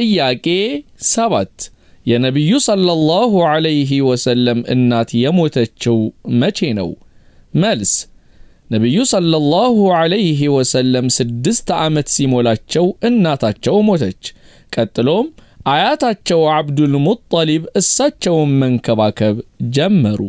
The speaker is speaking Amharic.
ጥያቄ ሰባት የነቢዩ ሰለላሁ ዐለይሂ ወሰለም እናት የሞተችው መቼ ነው? መልስ ነቢዩ ሰለላሁ ዐለይሂ ወሰለም ስድስት ዓመት ሲሞላቸው እናታቸው ሞተች። ቀጥሎም አያታቸው አብዱል ሙጣሊብ እሳቸውን መንከባከብ ጀመሩ።